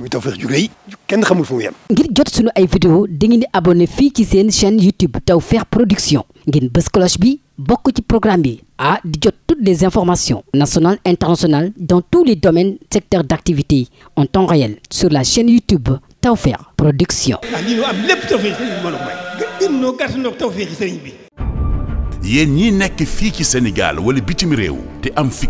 muy Tawfekh ju ngir jot sunu ay vidéo dangeen di abonné fii ci seen chaîne YouTube Tawfekh Production ngeen bës cloche bi bokk ci programme bi ah di jot toutes les informations nationales internationales dans tous les domaines secteurs d'activité en temps réel sur la chaîne YouTube Tawfekh Production. ah lii am lépp Tawfekh sëriñ bi may. gën noo gàtt noo Tawfekh sëriñ bi. yéen nekk fii ci Sénégal wala bitim réew te am fi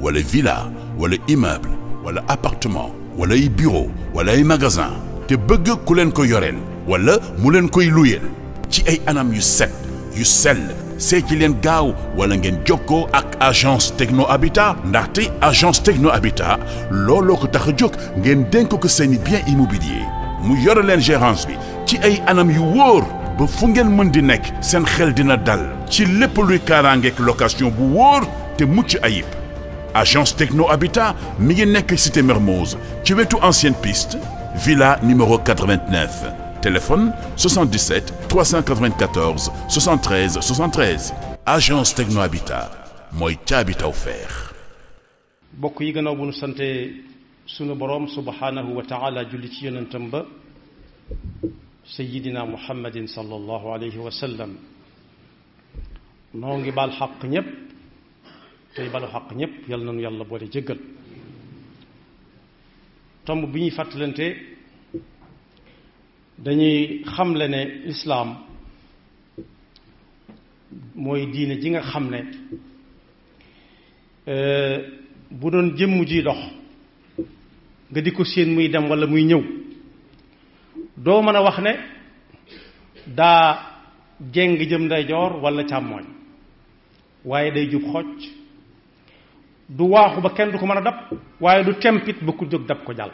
wala villa wala immeuble wala appartement. wala ay bureau wala ay magasin te bëgg ku leen ko yoreen wala mu leen koy luyeel ci ay anam yu set yu sel see ci leen gaaw wala ngeen jokkoo ak agence techno abita ndaxte agence techno habitat looloo ko tax jóg ngeen dénk ko seeni bien immobilier mu yore leen gérance bi ci ay anam yu woor ba fu ngeen mën di nekk seen xel dina dal ci lépp luy kaaraangeek location bu woor te mucc ayib agence techno habitat mi ngi nekk cité Mermoz ci wetu ancienne piste villa numéro 89 téléphone 77 394 73 73 agence techno habitat mooy ca habitat offert. mbokk yi gannaaw bu nu sante sunu borom subhaanahu wa taala julli ci yonentam ba sayyidina muhammadin sallallahu alayhi wa noo ngi baal xaq ñépp. tey balu xaq ñëpp yal nañu yàlla boole jéggal tomb bi ñuy fàttalante dañuy xamle ne islaam mooy diine ji nga xam ne euh, bu doon jëmm ji dox nga di ko séen muy dem walla muy ñëw doo mën a wax ne daa jeng jëm ndeyjoor walla càmmooñ waaye day jub xocc du waaxu ba kenn du ko mën a dab waaye du tempit ba ku jóg dab ko jàll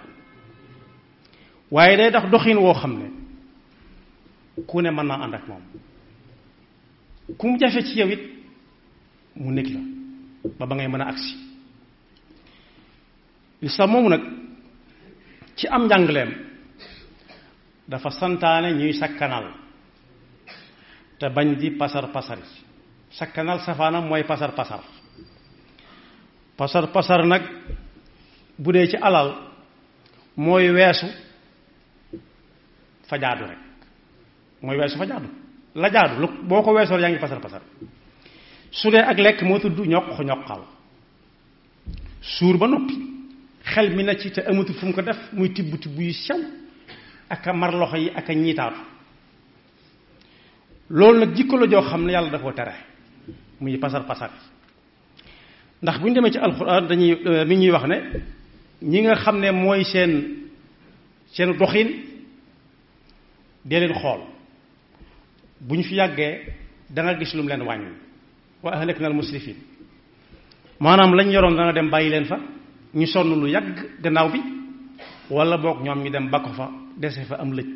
waaye day tax doxin woo xam ne ku ne mën naa ànd ak moom ku mu jafe ci yow mu nekk la ba ba ngay mën a agsi sa moomu nag ci am njàngaleem dafa santaane ñuy sakkanal te bañ di pasar pasar yi sakkanal safaanam mooy pasar pasar pasar pasar nag bu dee ci alal mooy weesu fa jaadu rek mooy weesu fa lajaadu la lu boo ko weesoo yaa ngi pasar pasar su dee ak lekk moo tudd ñoq ñoqal suur ba noppi xel mi na ci te amatul fu ko def muy tibb tibb yu sew ak a mar loxo yi ak a ñiitaatu loolu nag jikko la joo xam ne yàlla dafa tere muy pasar pasar ndax bu ñu demee ci alxuraan dañuy euh, mi ñuy wax ne ñi nga xam ne mooy seen seen doxin dee leen xool bu ñu fi yàggee da nga gis lu mu leen wàññi wa ahlak na al musrifin maanaam lañ yoroon da dem bàyyi leen fa ñu sonn lu yàgg gannaaw bi wala boog ñoom ñu dem ba fa dese fa am lëj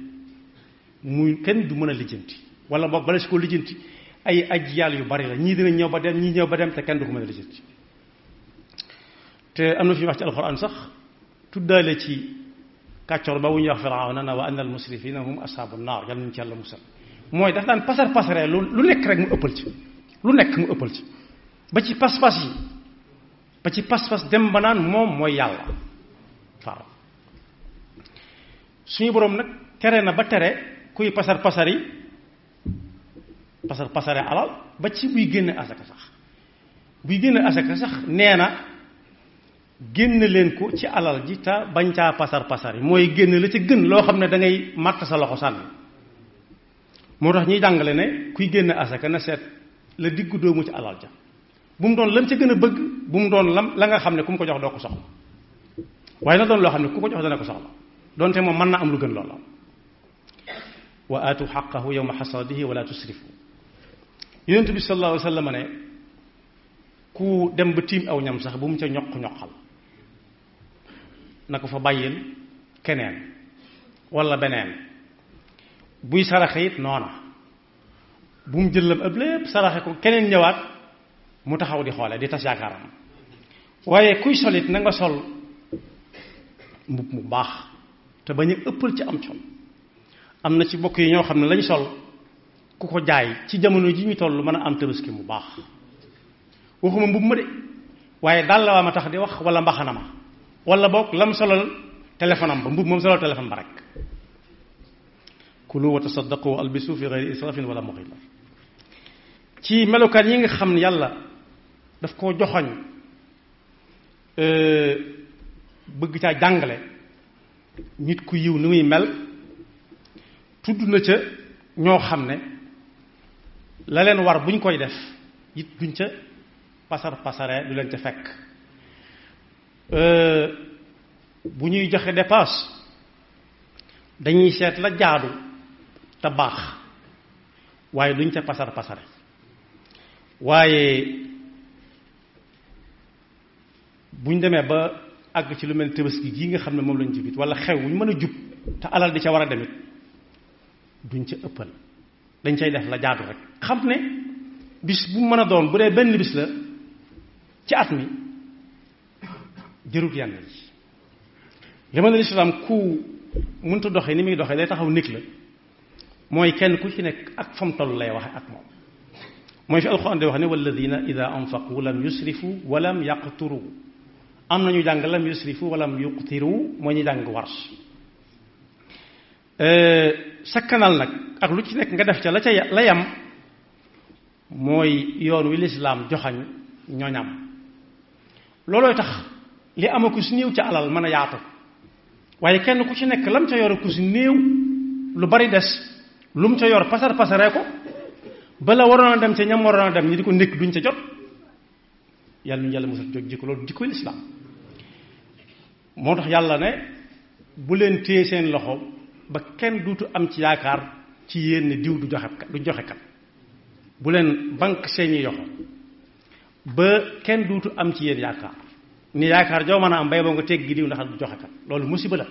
muy kenn du mën a lijjanti wala boog bala si ko lijjanti ay aj yu bari la ñii dina ñëw ba dem ñii ñëw ba dem te kenn du ko mën a lijjanti te am na fi wax ci alxuraan sax tuddaale ci kàccoor ba wu ñuy wax firawna na wa anna al musrifina hum ashabu naar yal nañu ci yàlla musal mooy daf daan pasar pasare lu lu nekk rek mu ëppal ci lu nekk mu ëppal ci ba ci pas-pas yi ba ci pas-pas dem ba moom mooy yàlla far nag tere na ba tere kuy pasar pasar yi pasare alal ba ci buy génne asaka sax buy génne asaka sax nee na génn leen ko ci alal ji ta bañ pasar pasar yi mooy génn la ca gën loo xam ne da ngay màtt sa loxo sànni moo tax ñuy jàngale ne kuy génn asaka na seet la diggu doomu ci alal ja bu mu doon lam ca gën a bëgg bu mu doon lam la nga xam ne ku mu ko jox doo ko soxla waaye na doon loo xam ne ku ko jox dana ko soxla doonte moom mën naa am lu gën loola wa aatu xaqahu yowma xasaadihi wala tusrifu yonent bi sallallahu alayhi wa ne ku dem ba tiim aw ñam sax bu mu ca ñoq ñoqal na ko fa bàyyil keneen wala beneen buy saraxe it noona bu mu jël ab lépp saraxe ko keneen ñëwaat mu taxaw di xoole di tas yaakaaram waaye kuy solit na nga sol mbub mu baax te bañ a ëppal ci am col am na ci mbokk yi ñoo xam ne lañu sol ku ko jaay ci jamono ji ñu toll man a am tabaski mu baax waxuma mbub ma de waaye dàll waa ma tax di wax wala mbaxana ma wala boog lam solal téléphone ba mbub moom solal téléphone ba rek kulu wa tasaddaqu wa albisu fi gayri israfin wala mughila ci melokaan yi nga xam ne yàlla daf koo joxoñ euh, bëgg caa jàngale nit ku yiw ni muy mel tudd na ca ñoo xam ne la leen war buñ koy def it duñ ca pasar pasare du leen ca fekk Euh, bu ñuy joxe dépasse dañuy seet la jaadu te baax waaye duñ ca pasar pasare waaye buñ demee ba àgg ci lu mel tabaski gi nga xam ne moom lañ jubit wala xew wuñ mën a jub te alal di ca war a demit duñ ca ëppal dañ cay def la jaadu rek xam ne bis bu mën a doon bu dee benn bis la ci at mi jërut yenn yi li ma ne lislaam ku mënta doxee ni muy doxee day taxaw nit la mooy kenn ku ci nekk ak fam toll lay waxe ak moom mooy fi alxuraan di wax ne walladina ida anfaqu lam yusrifu walam yaqturu am na nañu jàng lam yusrifu walam yuqtiru mooy ñu jàng wars sakkanal nag ak lu ci nekk nga def ca la ca la yam mooy yoon wi lislaam joxañ ñooñam loolooy tax li ama ku si néew ci alal man a yaatu waaye kenn ku ci nekk lam ca yor ku si néew lu bari des lu mu ca yor pasar pasaree ko bala waroon a dem ca ñam waroon a dem ñu di ko nekk duñ ca jot yàlla ñu yàlla musal jóg jikko loolu jikkoy lislaam moo tax yàlla ne bu leen téye seen loxo ba kenn duutu am ci yaakaar ci yéen diw du joxe du joxe kat bu leen banque seeni yoxo ba kenn duutu am ci yéen yaakaar ni yaakaar joo mën a am bay boo nga teg gi diw ndax du joxe kat loolu musiba la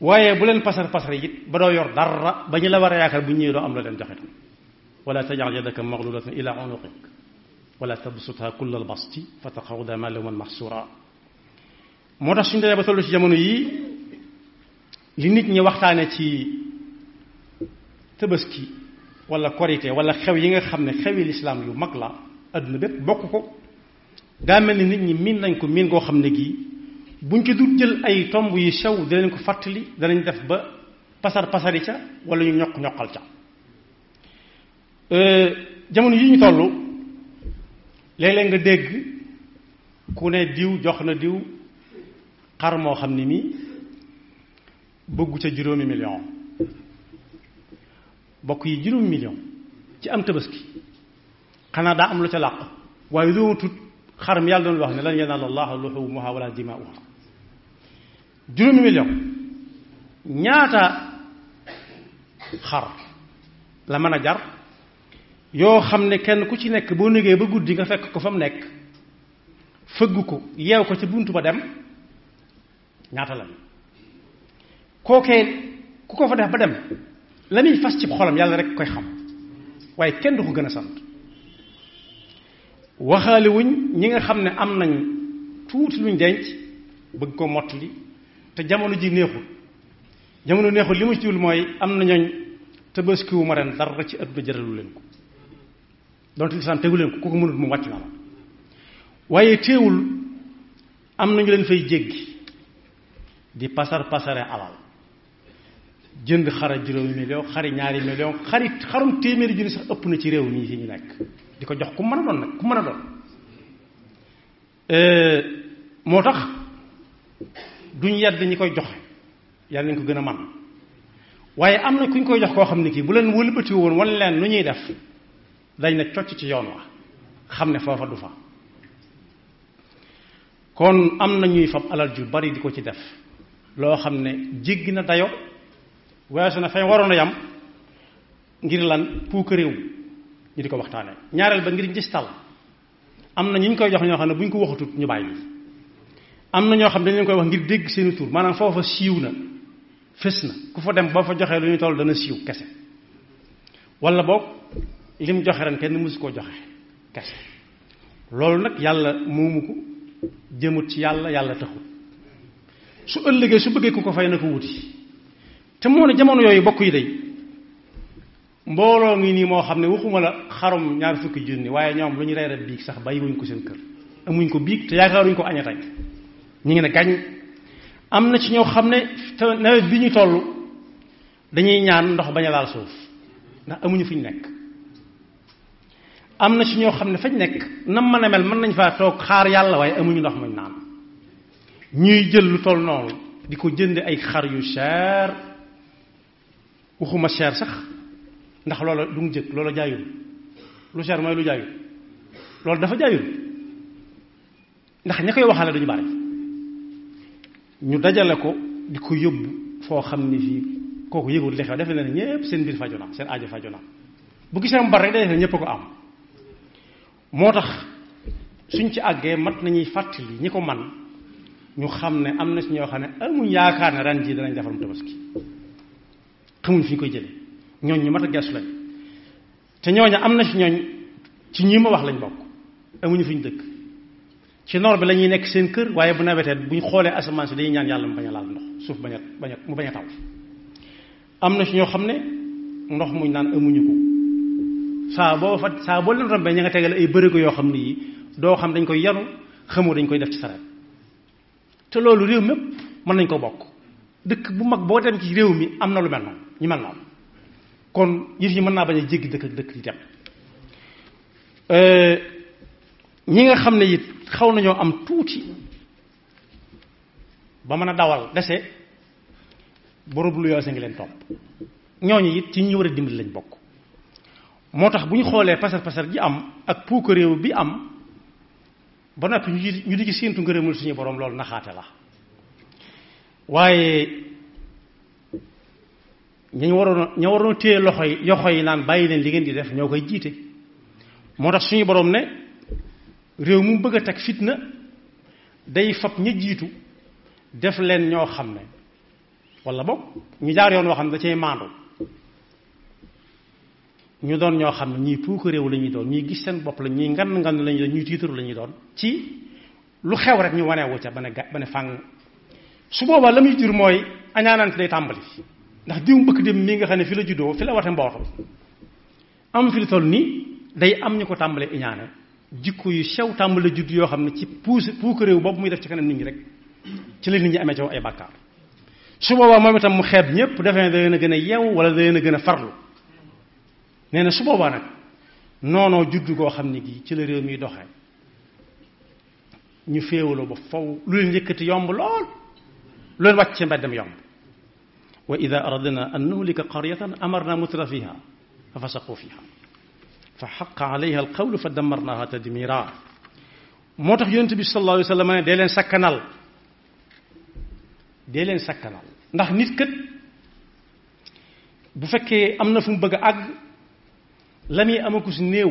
waaye bu leen pasar pasar it ba doo yor dara ba ñu la war a yaakaar bu ñuy doo am loo leen joxe tam wala tajal yadaka maglulatan ila unuqik wala tabsutha kulla albasti fa taqauda maluman mahsura moo tax suñu demee ba toll ci jamono yi li nit ñi waxtaane ci tabaski wala korité wala xew yi nga xam ne xewi lislaam lu mag la adduna bépp bokk ko daa ni nit ñi miin nañ ko miin goo xam ne gii buñ ci dul jël ay tomb yu sew dinañ ko fàttali danañ def ba pasar pasari ca wala ñu ñokk ñoqal ca euh, jamono yi ñu toll léeg-léeg nga dégg ku ne diw jox na diw xar moo xam ni mii bëggu ca juróomi million bokk yi juróomi million ci am tabaski xanaa daa am lu ca làq waaye loolu tut mi yàlla doon wax ne lan yanaala llaaha luhuumuhaa wala dimaa'uhaa juróomi million ñaata xar la mën a jar yoo xam ne kenn ku ci nekk boo négee ba guddi nga fekk ko fa mu nekk fëgg ko yeew ko ci buntu ba dem ñaata la kookee ku ko fa def ba dem la muy fas ci xolam yàlla rekk koy xam waaye kenn du ko gën a sant waxaale wuñ ñi nga xam ne am nañ tuuti luñ denc bëgg ko mottali te jamono ji neexul jamono neexul li ma ci mooy am na ñooñ tabaskiwu ma ren dara ci àdduna jëralu leen ko donte lislaam tegu leen ko ku ko mënul mu wàcc na la waaye teewul am nañu leen fay jéggi di pasar pasare alal jënd xara juróomi million xari ñaari million xari xarum téeméeri junni sax ëpp na ci réew mii si ñu nekk di ko jox ku man a doon nag ku mën a doon euh, moo tax duñ yedd ñi koy jox yàlla nañ ko gën a man waaye am na kuñ koy jox koo xam ne kii bu leen wëlbati woon wan leen lu ñuy def dañ ne cocc ci yoon wa xam ne foofa du fa kon am na ñuy fab alal ju bari di ko ci def loo xam ne jéggi na dayo weesu na fay waroon a yam ngir lan puukaréew ñu di ko waxtaane ñaareel ba ngir njistal am na ñu ñu koy jox ñoo xam ne bu ñu ko waxatut ñu bàyyi am na ñoo xam dañ koy wax ngir dégg seeni tur maanaam foofa siiw na fës na ku fa dem boo fa joxee lu ñu toll dana siiw kese wala boog lim joxe ren kenn mësu koo joxe kese loolu nag yàlla moomu ko jëmut ci yàlla yàlla taxut su ëllëgee su bëggee ku ko fay na ko wuti te moo ne jamono yooyu bokk yi day mbooloo ngi nii moo xam ne waxuma la xarum ñaar fukki junni waaye ñoom lu ñu reere biig sax wuñ ko seen kër amuñ ko biig te yaakaaruñ ko aña tey ñu ngi ne gàññ am na ci ñoo xam ne nawet bi ñu toll dañuy ñaan ndox bañ a laal suuf ndax amuñu fi ñu nekk am na ci ñoo xam ne fañ nekk nam mën mel mën nañ faa toog xaar yàlla waaye amuñu ndox muñ naan ñuy jël lu toll noonu di ko jënd ay xar yu cher waxuma cher sax ndax loola lu mu jëkk loola jaayul lu cher mooy lu jaayul loolu dafa jaayul ndax ña koy waxale dañu bari ñu dajale ko di ko yóbbu foo xam ni fii kooku yëgul li xew defe na ne ñépp seen mbir fajona seen aajo fajona bu gisee mu bari rek day defe ñépp a ko am moo tax suñ ci àggee mat nañuy fàttali ñi ko man ñu xam ne am na si ñoo xam ne amuñ yaakaar ne ren jii danañ defar mu tabaski xamuñ fi ñu koy jële ñooñ ñu mat a geesu lañ te ñooña am na ci ñooñ ci ñi ma wax lañ bokk amuñu fi ñu dëkk ci noor bi lañuy nekk seen kër waaye bu nawetee bu ñu xoolee asamaan si ñaan yàlla mu bañ a suuf bañ a bañ a taw am na ci ñoo xam ne ndox muñ naan amuñu ko saa boo fa saa boo leen rombee ña nga tegal ay bërigo yoo xam ne yi doo xam dañ koy yaru xamoo dañ koy def ci sareet te loolu réew mépp mën nañ ko bokk dëkk bu mag boo dem ci réew mi am na lu mel noonu ñu mel noonu kon yit yi mën naa bañ a jéggi dëkk ak dëkk di dem euh, ñi nga xam ne it xaw nañoo am tuuti ba mën a dawal dese borob lu yoo sa ngi leen topp ñooñu it ci ñu war a dimbali lañ bokk moo tax bu ñu xoolee pasar pasar ji am ak puuka réew bi am ba noppi ñu di ñu di ci séentu ngërëmul suñu borom loolu naxaate la waaye ñañ waroon ña waroon téye loxo yi yoxo yi naan bàyyi leen li ngeen di def ñoo koy jiite moo tax suñu boroom ne réew mu bëgg a teg fitna day fab ñu jiitu def leen ñoo xam ne wala boog ñu jaar yoon woo xam ne da cay maandu ñu doon ñoo xam ne ñii puuk réew la ñuy doon ñii gis seen bopp la ñuy ngan ngan la ñuy doon ñuy tiitaru lañuy doon ci lu xew rek ñu waneewu ca ba ne ga ba ne fàng su boobaa la muy jur mooy añaanante day tàmbali ndax diw mbëkk dem mii nga xam ne fi la juddoo fi la wate mbooxam am fi lu toll nii day am ñu ko tàmbalee iñaane jikko yu sew tàmbale judd yoo xam ne ci puus réew boobu muy def ci kanam nit ñi rek ci la nit ñi amee ci ay bàkkaar su boobaa moom itam mu xeeb ñëpp defee ne da leen a gën a yeew wala da leen a gën a farlu nee na su boobaa nag noonoo judd goo xam ne gii ci la réew miy doxee ñu féewaloo ba fow lu leen yëkkati yomb lool lu leen wàcc ci yomb wa ida aradna an nuhlika qaryatan amarna mutra fiha fa fasaqu fiha fa xaqa alayha alqawlu fa damarnaha tadmira moo tax yonent bi sallallahu alayhi wa sallam ne leen sakkanal ndax nit kët bu fekkee am na fu mu bëgg a àgg la muy amakus néew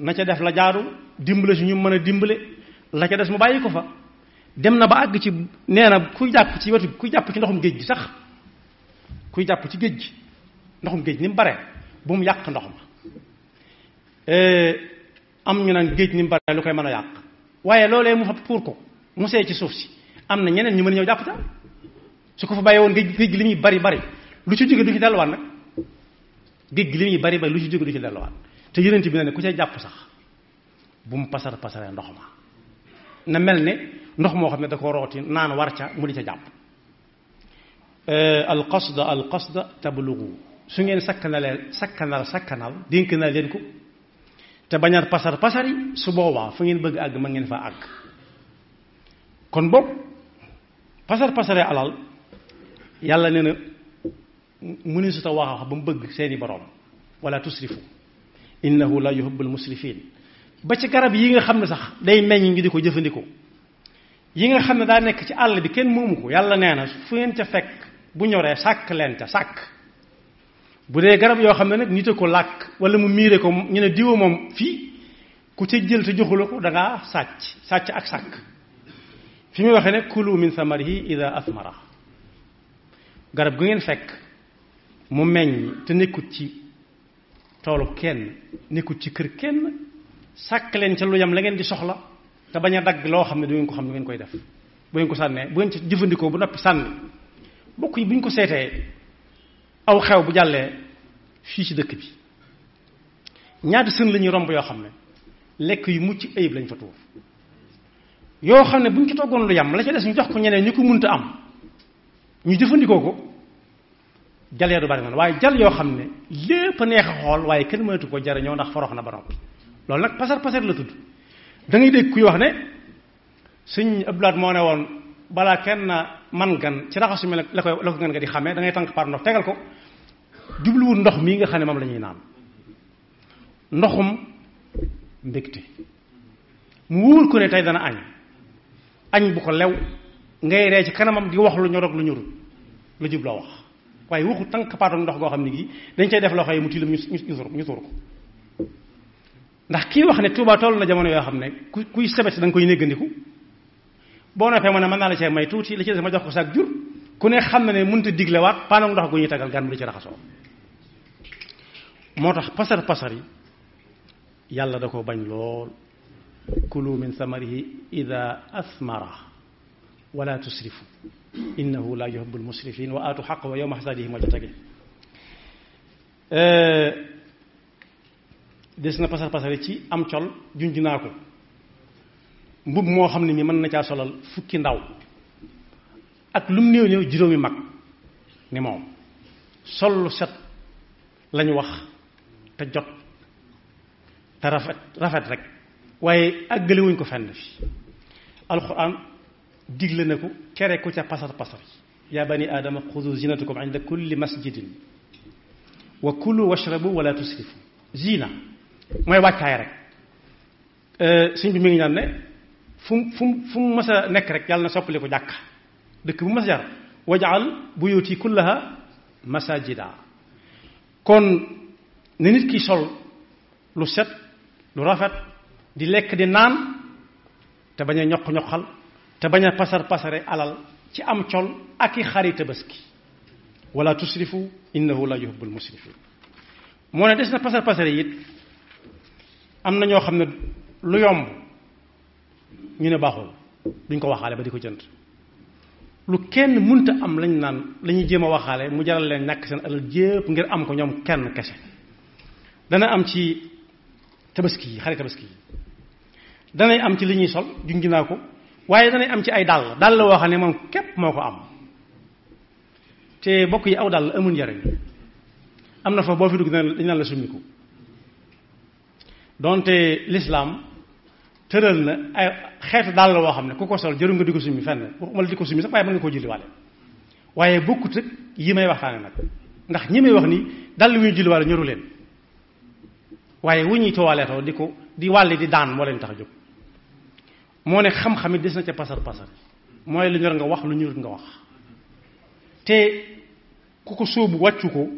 na ca def la jaaru dimbale si ñu mën a dimbale la ca def mu bàyyi ko fa dem na ba àgg ci nee na kuy jàpp ci wetu kuy jàpp ci ndoxum géej gi sax kuy jàpp ci géej gi ndoxum géej ni mu bare bu mu yàq ndox ma eh, am ñu naan géej ni mu bare lu koy mën a yàq waaye loolee mu fa pour ko mu seey ci suuf si am na ñeneen ñu mën ñëw jàpp ta su ko fa bàyyi woon géej géej gi li muy bari bari lu ci jóge du ci delluwaat nag géej gi li muy bari bari lu ci jóge du ci delluwaat te yonent bi na ne ku cay jàpp sax bu mu pasar pasaree ndox ma na mel ne ndox moo xam ne da ko rooti naan war ca mu di ca jàpp euh, al qasda al qasda tablugu su ngeen sakkanalee sakkanal sakkanal dénk na leen ko te bañaar pasar pasar yi su boobaa fu ngeen bëgg àgg ma ngeen faa àgg kon boog pasar pasaree alal yàlla nee na mu ne su ta wax ba mu bëgg seeni borom wala tusrifu innahu la yuhibbul musrifin ba ci garab yi nga xam ne sax day meññ ngi di ko jëfandikoo yi nga xam ne daa nekk ci àll bi kenn moomu ko yàlla nee na fu ngeen ca fekk bu ñoree sàkk leen ca sàkk bu dee garab yoo xam ne nag nite ko làkk wala mu miire ko ñu ne diwa moom fii ku ca jël te joxula ko sàcc sàcc ak sàkk fi muy waxee ne kulu min samarihi ida asmara garab gu ngeen fekk mu meññ te nekkut ci toolu kenn nekkut ci kër kenn sàkk leen ca lu yam la ngeen di soxla te bañ a dagg loo xam ne du ngeen ko xam ne ngeen koy def bu ngeen ko sànnee bu ngeen ci jëfandikoo bu noppi sànni bokk yi bu ñu ko seetee aw xew bu jàllee fii ci dëkk bi ñaata sën lañuy romb yoo xam ne lekk yu mucc ayib lañ fa tuur yoo xam ne bu ñu ci toggoon lu yàmb la ca des ñu jox ko ñeneen ñu ko munta am ñu jëfandikoo ko jal yaa du bari noonu waaye jal yoo xam ne lépp a neex a xool waaye kenn mënatu ko jar jariñoo ndax forox na ba noppi loolu nag la tudd dangay ngay dégg kuy wax ne sëñ Abdoulaat moo ne woon balaa kenn man gan ci raxasu mi la koy la ko ngeen nga di xamee da ngay tànk par ndox tegal ko jubluwul ndox mii nga xam ne moom la ñuy naan ndoxum mbégte mu wóor ko ne tey dana añ añ bu ko lew ngay ree ci kanamam di wax lu ñorog lu ñorul lu jub la wax waaye waxu tànk paatam ndox goo xam ne gii dañ cay def loxo yi mu tilim ñu ñu ñu suur ko ndax kii wax ne Touba toll na jamono yoo xam ne ku kuy sebet da koy néggandiku boo noppee ma ne mën naa la cee may tuuti la ci des ma jox ko saak jur ku ne xam na ne mënut a diglewaat paanoog ndox gu ñuy tagal gan bu di ci raxasoo moo tax pasar pasar yi yàlla da ko bañ lool kulu min samarihi ida asmara wala tusrifu innahu la yuhibbul musrifin wa aatu xaq wa yowma xasaadihim wa jatagi des na pasar pasare ci am col junj naa ko mbubb moo xam ne mi mën na caa solal fukki ndaw ak lum néew néew juróomi mag ni moom sol lu set lañu wax te jot te rafet rafet rek waaye àggalewuñ ko fenn fi alxuraan digle na ko kere ko ca pasar pasar yaa bani aadama xudu zinatakum inda kulli masjidin wa kulu washrabu wala tusrifu zina mooy wàccaay rek euh, sëñ bi mi ngi ñaan ne fu fu mu fu mu mës nekk rek yàlla na soppali ko dëkk bu mës a jar wajaal buyuti kullaha masajida kon ne nit ki sol lu set lu rafet di lekk di naan te bañ a ñoq ñoqal te bañ a pasar pasare alal ci am col ak i xari tabaski wala tusrifu innahu la yuhibbul musrifin moo ne des na pasar pasare it am na ñoo xam ne lu yomb ñu ne baaxul duñ ko waxaale ba di ko jënd lu kenn munta am lañ naan lañuy ñuy jéem a waxaale mu jaral leen ñàkk seen alal jépp ngir am ko ñoom kenn kese dana am ci tabaski yi xare tabaski yi danay am ci li ñuy sol junj naa ko waaye danay am ci ay dàll dàll woo xam ne moom képp moo ko am te bokk yi aw dàll amul njariñ am na fa boo fi dugg dañ naan la summiku donte lislaam tëral na ay xeetu dàll woo xam ne ku ko sol jëru nga di ko summi fenn waxuma la di ko summi sax waaye mën nga koo julliwaale waaye bokkut ak yi may waxtaane nag ndax ñi may wax nii dàll wu ñu julliwaale ñoru leen waaye wu ñuy toowaaleetoo di ko di wàlli di daan moo leen tax a jóg moo ne xam-xam it des na ca pasar pasar mooy lu ñor nga wax lu ñorut nga wax te ku ko sóobu wàccu ko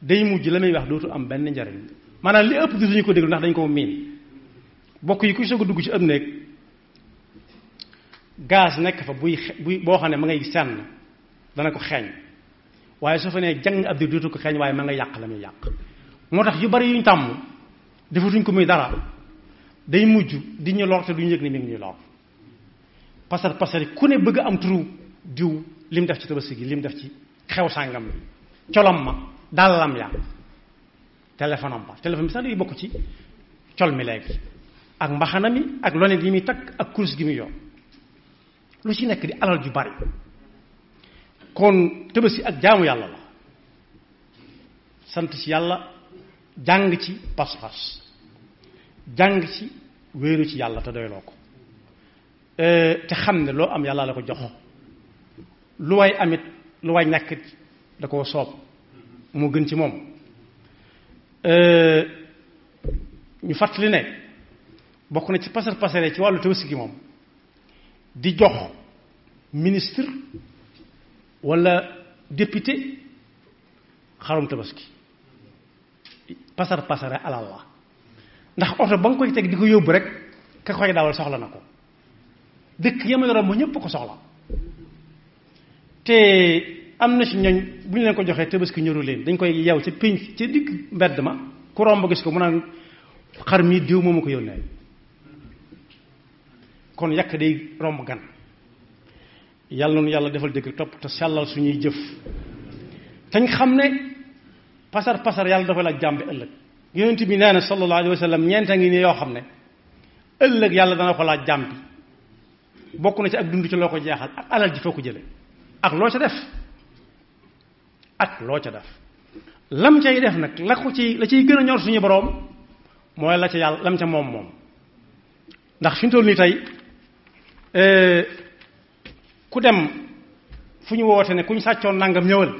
day mujj la may wax dootu am benn njariñ maanaam li ëpp di suñu ko déglu ndax dañ koo miin bokk yi ku soog a dugg ci ëpp néeg gaz nekk fa buy buy boo xam ne ma ngay sànn dana ko xeeñ waaye su fa nee jàng ab di dootu ko xeeñ waaye ma nga yàq la muy yàq moo tax yu bari yuñ tàmm defatuñ ko muy dara day mujj di ñu lor te ñu yëg ne mi ngi ñuy lor pasar pasar yi ku ne bëgg am turu diw mu def ci tabaski gi lim def ci xew sàngam bi colom ma dàllam ya téléphone am ba téléphone bi sax day bokk ci col mi léegi ak mbaxana mi ak lonet yi muy takk ak kurus gi mu yor lu ci nekk di alal ju bari kon tëbësi ak jaamu yàlla la sant ci yàlla jàng ci pas-pas jàng ci wéeru ci yàlla te doyloo ko euh, te xam ne loo am yàlla la ko jox lu way amit lu way ñàkk da koo soob moo gën ci moom ñu fàttali ne bokk na ci pasar pasare ci wàllu tabaski moom di jox ministre walla député xarum tabaski pasar pasare alal la ndax oto ba nga koy teg di ko yóbbu rek ka koy dawal soxla na ko dëkk yama yoroon mu ñëpp ko soxla te am na si ñoñ bu ñu leen ko joxee tabaski ñëru leen dañ koy yeew ca pénc ci digg mbedd ma ku romb gis ko mu naan xar mii diw moomu ko yónnee kon yàq day romb gan yàlla noonu yàlla defal dëgg topp te sellal suñuy jëf tañ xam ne pasar pasar yàlla dafa laaj jàmbi ëllëg yonent bi nee na sallallahu alayhi wa sallam ñeenta ngi ne yoo xam ne ëllëg yàlla dana ko laaj jàmbi bokk na ci ak dund ci loo ko jeexal ak alal ji foo ko jële ak loo ca def ak loo ca def lam cay def nag la ko ci la ciy gën a ñor suñu boroom mooy la ca yàlla lam ca moom moom ndax fi mu toll nii tey e, ku dem fu ñu woote ne ku ñu sàccoon nangam ñëwal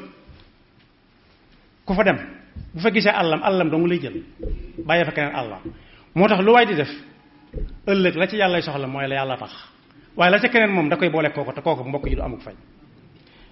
ku fa dem bu fa gisee àllam àllam dong lay jël bàyyi fa keneen àllam moo tax lu waay di def ëllëg la ci yàlla soxla mooy la yàlla tax waaye la ca keneen moom da koy boole kooku te kooku mbokk yi du amuk fay